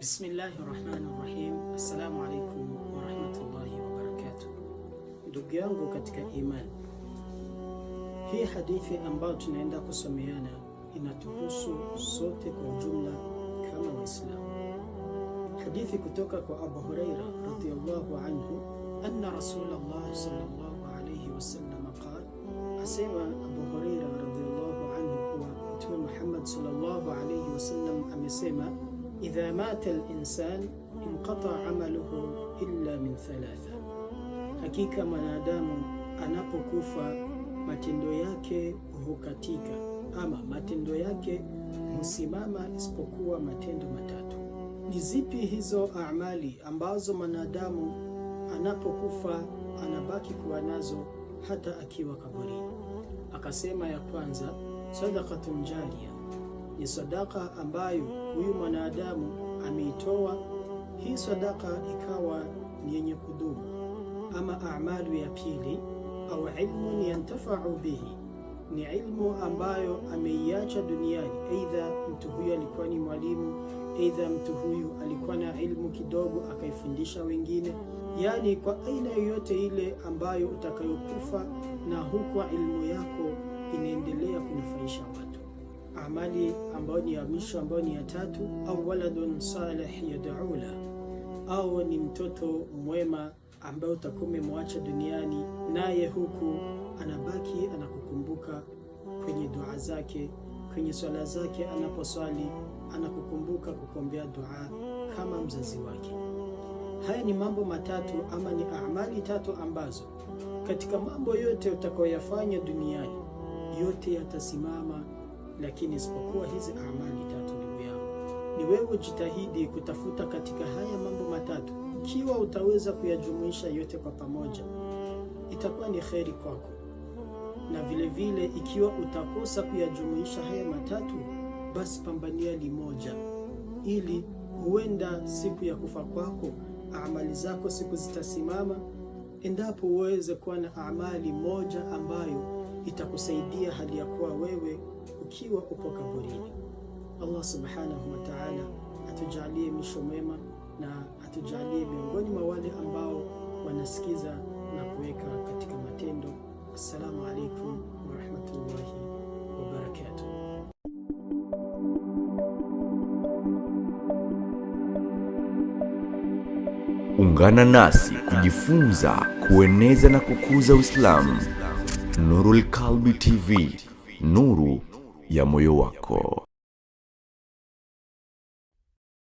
بسم الله الرحمن الرحيم السلام عليكم ورحمة الله وبركاته دقيانكو كتك إيمان هي حديثي أنباو تنعند قسميانا إن تحسو صوتك وجملة كما الإسلام حديثي كتوكك أبو هريرة رضي الله عنه أن رسول الله صلى الله عليه وسلم قال أسيما أبو هريرة رضي الله عنه هو محمد صلى الله عليه وسلم أمسيما أمسيما idha mata linsan insan inqata amaluhu illa min thalatha, hakika mwanadamu anapokufa matendo yake hukatika, ama matendo yake husimama isipokuwa matendo matatu. Ni zipi hizo amali ambazo mwanadamu anapokufa anabaki kuwa nazo hata akiwa kaburini? Akasema ya kwanza sadaqatun jariya ni sadaka ambayo huyu mwanadamu ameitoa. Hii sadaka ikawa ni yenye kudumu. Ama amalu ya pili, au ilmun yantafau bihi, ni ilmu ambayo ameiacha duniani. Aidha mtu huyu alikuwa ni mwalimu, aidha mtu huyu alikuwa na ilmu kidogo akaifundisha wengine, yaani kwa aina yoyote ile ambayo utakayokufa na huko ilmu yako inaendelea kunufaisha watu amali ambayo ni ya mwisho ambayo ni ya tatu, au waladun salih yad'ula, au ni mtoto mwema ambaye utakuwa umemwacha duniani naye huku anabaki anakukumbuka kwenye dua zake, kwenye swala zake, anaposwali anakukumbuka kukuombea dua kama mzazi wake. Haya ni mambo matatu ama ni amali tatu ambazo katika mambo yote utakayoyafanya duniani yote yatasimama lakini isipokuwa hizi amali tatu, ndugu yangu, ni wewe jitahidi kutafuta katika haya mambo matatu. Ikiwa utaweza kuyajumuisha yote kwa pamoja, itakuwa ni kheri kwako, na vilevile vile, ikiwa utakosa kuyajumuisha haya matatu, basi pambania limoja, ili huenda siku ya kufa kwako amali zako siku zitasimama endapo uweze kuwa na amali moja ambayo itakusaidia hali ya kuwa wewe ukiwa upo kaburini. Allah subhanahu wa ta'ala atujalie misho mema na atujalie miongoni mwa wale ambao wanasikiza na kuweka katika matendo. Assalamu alaikum wa rahmatullahi Ungana nasi kujifunza, kueneza na kukuza Uislamu. Nurul Kalbi TV, nuru ya moyo wako.